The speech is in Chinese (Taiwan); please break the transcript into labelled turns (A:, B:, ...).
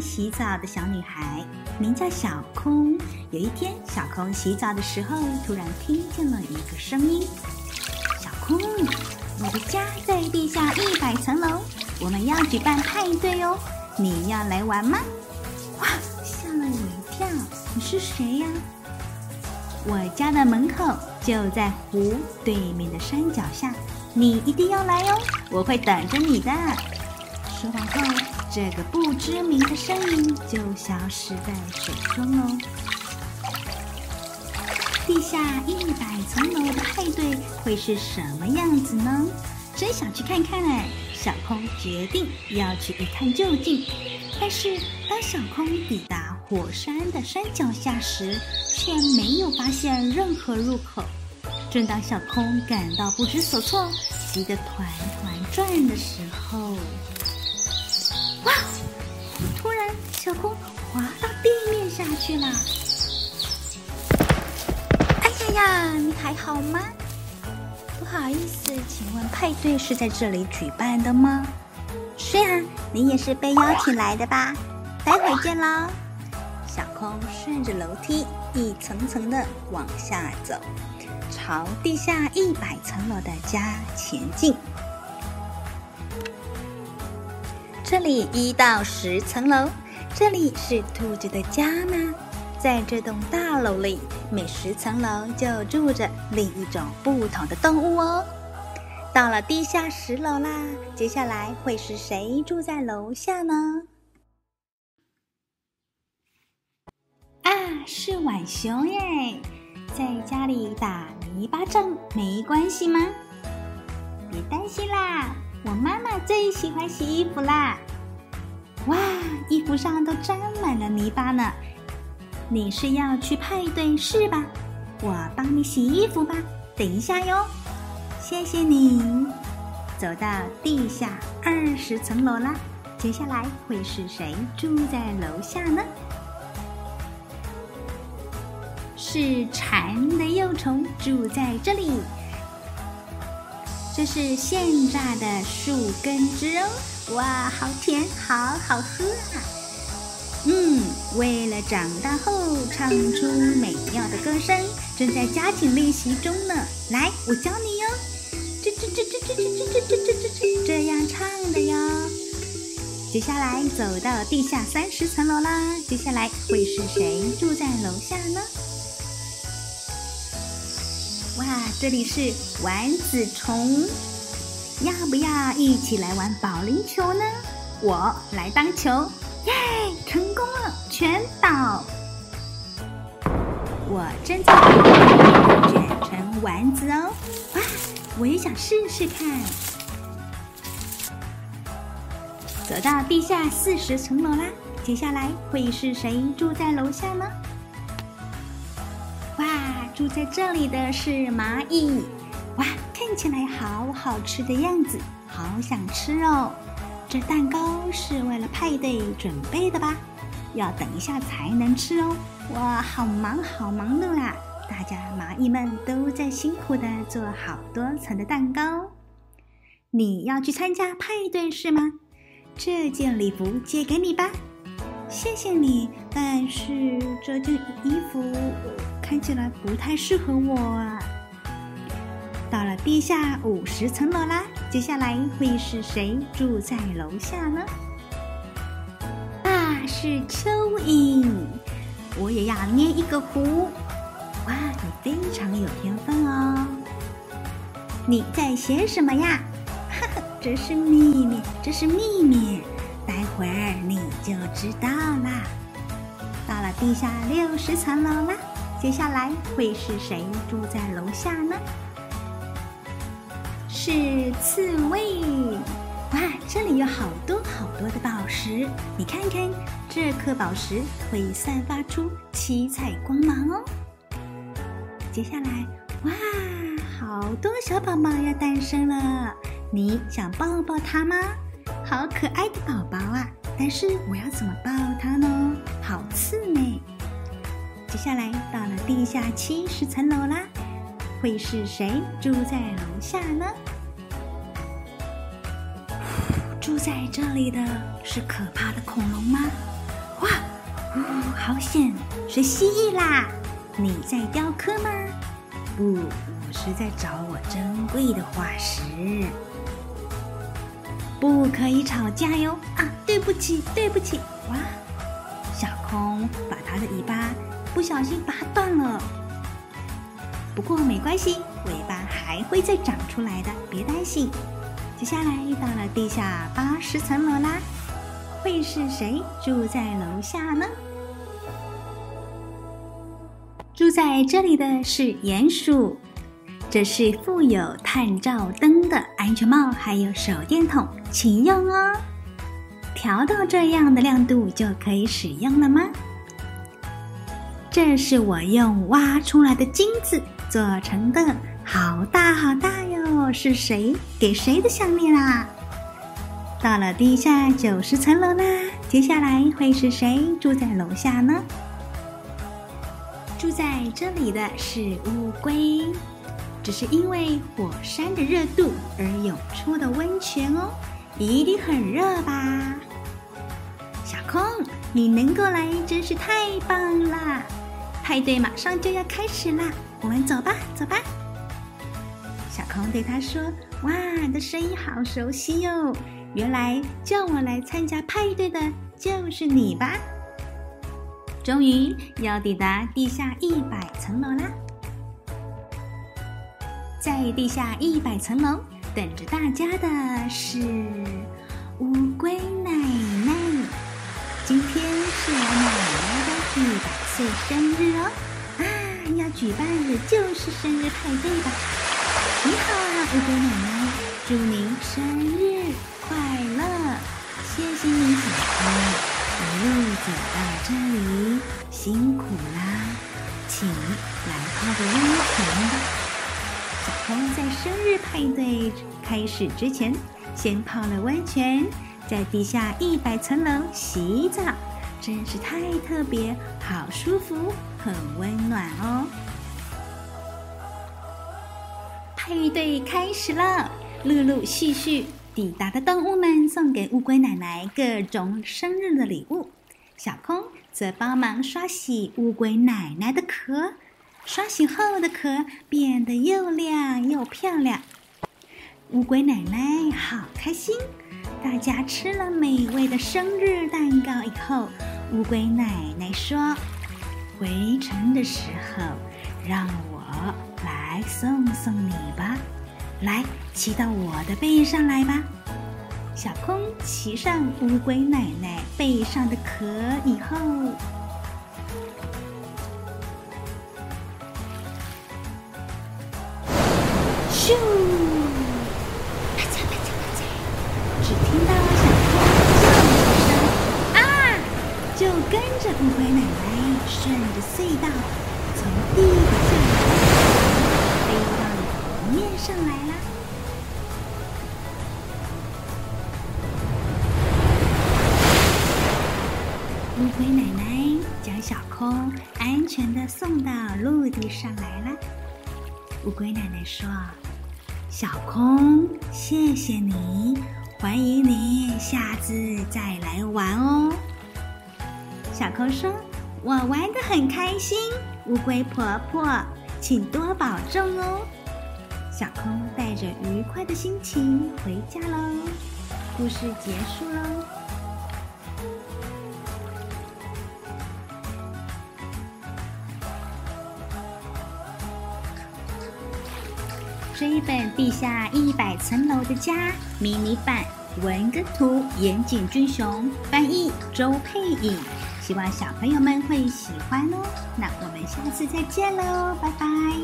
A: 洗澡的小女孩名叫小空。有一天，小空洗澡的時候，突然聽見了一個聲音：“小空，我的家在地下一百層樓，我們要舉辦派對哦，你要來玩嗎？”哇，嚇了我一跳！你是誰呀？我家的門口就在湖對面的山腳下，你一定要來哦，我會等着你的。說完後。這個不知名的聲音就消失在水中哦，地下一百層樓的派對會是什麼樣子呢？真想去看看哎！小空決定要去一探究竟。但是，當小空抵達火山的山腳下時，卻沒有發現任何入口。正當小空感到不知所措、急得團團轉的時候。哇！突然，小空滑到地面下去了。哎呀呀，你還好嗎？不好意思，請問派對是在這裡舉辦的嗎？是啊，你也是被邀請來的吧？待會見嘍。小空順着樓梯一層層的往下走，朝地下一百層樓的家前進。這裡一到十層樓，這裡是兔子的家呢。在這棟大樓裡，每十層樓就住着另一種不同的動物哦。到了地下十樓啦，接下來會是誰住在樓下呢？啊，是浣熊耶！在家裡打泥巴仗沒關係嗎？別擔心啦。我媽媽最喜歡洗衣服啦！哇，衣服上都沾滿了泥巴呢。你是要去派對是吧？我幫你洗衣服吧。等一下喲，謝謝你。走到地下二十層樓啦，接下來會是誰住在樓下呢？是蟬的幼蟲住在這裡。這是現榨的樹根汁哦，哇，好甜，好好喝啊！嗯，為了長大後唱出美妙的歌聲，正在加緊練習中呢。來，我教你喲，吱吱吱吱吱吱吱吱吱吱，這樣唱的喲。接下來走到地下三十層樓啦，接下來會是誰住在樓下呢？哇，這裡是丸子蟲，要不要一起來玩保齡球呢？我來當球，耶，成功了，全倒。我正在把球捲成丸子哦。哇，我也想試試看。走到地下四十層樓啦，接下來會是誰住在樓下呢？住在這裡的是螞蟻，哇，看起來好好吃的樣子，好想吃哦！這蛋糕是為了派對準備的吧？要等一下才能吃哦。哇，好忙好忙碌啦、啊！大家螞蟻們都在辛苦地做好多層的蛋糕。你要去參加派對是嗎？這件禮服借給你吧，謝謝你，但是這件衣服。看起來不太適合我啊。到了地下五十層樓啦，接下來會是誰住在樓下呢？啊，是蚯蚓！我也要捏一個壺。哇，你非常有天分哦！你在寫什麼呀？哈哈，這是秘密，這是秘密，待會兒你就知道啦。到了地下六十層樓啦。接下來會是誰住在樓下呢？是刺蝟！哇，這裡有好多好多的寶石，你看看這顆寶石會散發出七彩光芒哦。接下來，哇，好多小寶寶要誕生了，你想抱抱它嗎？好可愛的寶寶啊！但是我要怎麼抱它呢？好刺蝟。接下來到了地下七十層樓啦，會是誰住在樓下呢？住在這裡的是可怕的恐龍嗎？哇，哦，好險，是蜥蜴啦！你在雕刻嗎？不，我是在找我珍貴的化石。不可以吵架喲！啊，對不起，對不起！哇，小空把它的尾巴，不小心拔斷了，不過沒關係，尾巴還會再長出來的，別擔心。接下來遇到了地下八十層樓啦，會是誰住在樓下呢？住在這裡的是鼴鼠。這是附有探照燈的安全帽，還有手電筒，請用哦。調到這樣的亮度就可以使用了嗎？這是我用挖出來的金子做成的，好大好大喲！是誰給誰的項鏈啦、啊？到了地下九十層樓啦，接下來會是誰住在樓下呢？住在這裡的是烏龜，只是因為火山的熱度而湧出的溫泉哦，一定很熱吧？小空，你能過來真是太棒了！派對馬上就要開始啦，我們走吧，走吧。小空對他說：“哇，這聲音好熟悉喲、哦，原來叫我來參加派對的就是你吧？”終於要抵達地下一百層樓啦，在地下一百層樓等着大家的是烏龜奶奶，今天是奶奶的生日。生日哦！啊，要舉辦的就是生日派對吧？你好啊，烏龜奶奶，祝您生日快樂！謝謝你，小偷，一路走到這裡辛苦啦，請來泡個溫泉吧。小偷在生日派對開始之前，先泡了溫泉，在地下一百層樓洗澡。真是太特別，好舒服，很溫暖哦！派對開始了，陸陸續續抵達的動物們送給烏龜奶奶各種生日的禮物，小空則幫忙刷洗烏龜奶奶的殼。刷洗後的殼變得又亮又漂亮，烏龜奶奶好開心。大家吃了美味的生日蛋糕以後。烏龜奶奶說：“回程的時候，讓我來送送你吧，來騎到我的背上來吧。”小空騎上烏龜奶奶背上的殼以後，咻！烏龜奶奶順着隧道從地底下飛到了湖面上來了。烏龜奶奶將小空安全地送到陸地上來了。烏龜奶奶說：“小空，謝謝你，歡迎你，下次再來玩哦。”小空說：“我玩得很開心，烏龜婆婆，請多保重哦。”小空帶着愉快的心情回家嘍。故事結束嘍。這一本《地下一百層樓的家》迷你版，文跟圖、岩井俊雄翻譯，周佩穎。希望小朋友們會喜歡哦，那我們下次再見嘍，拜拜。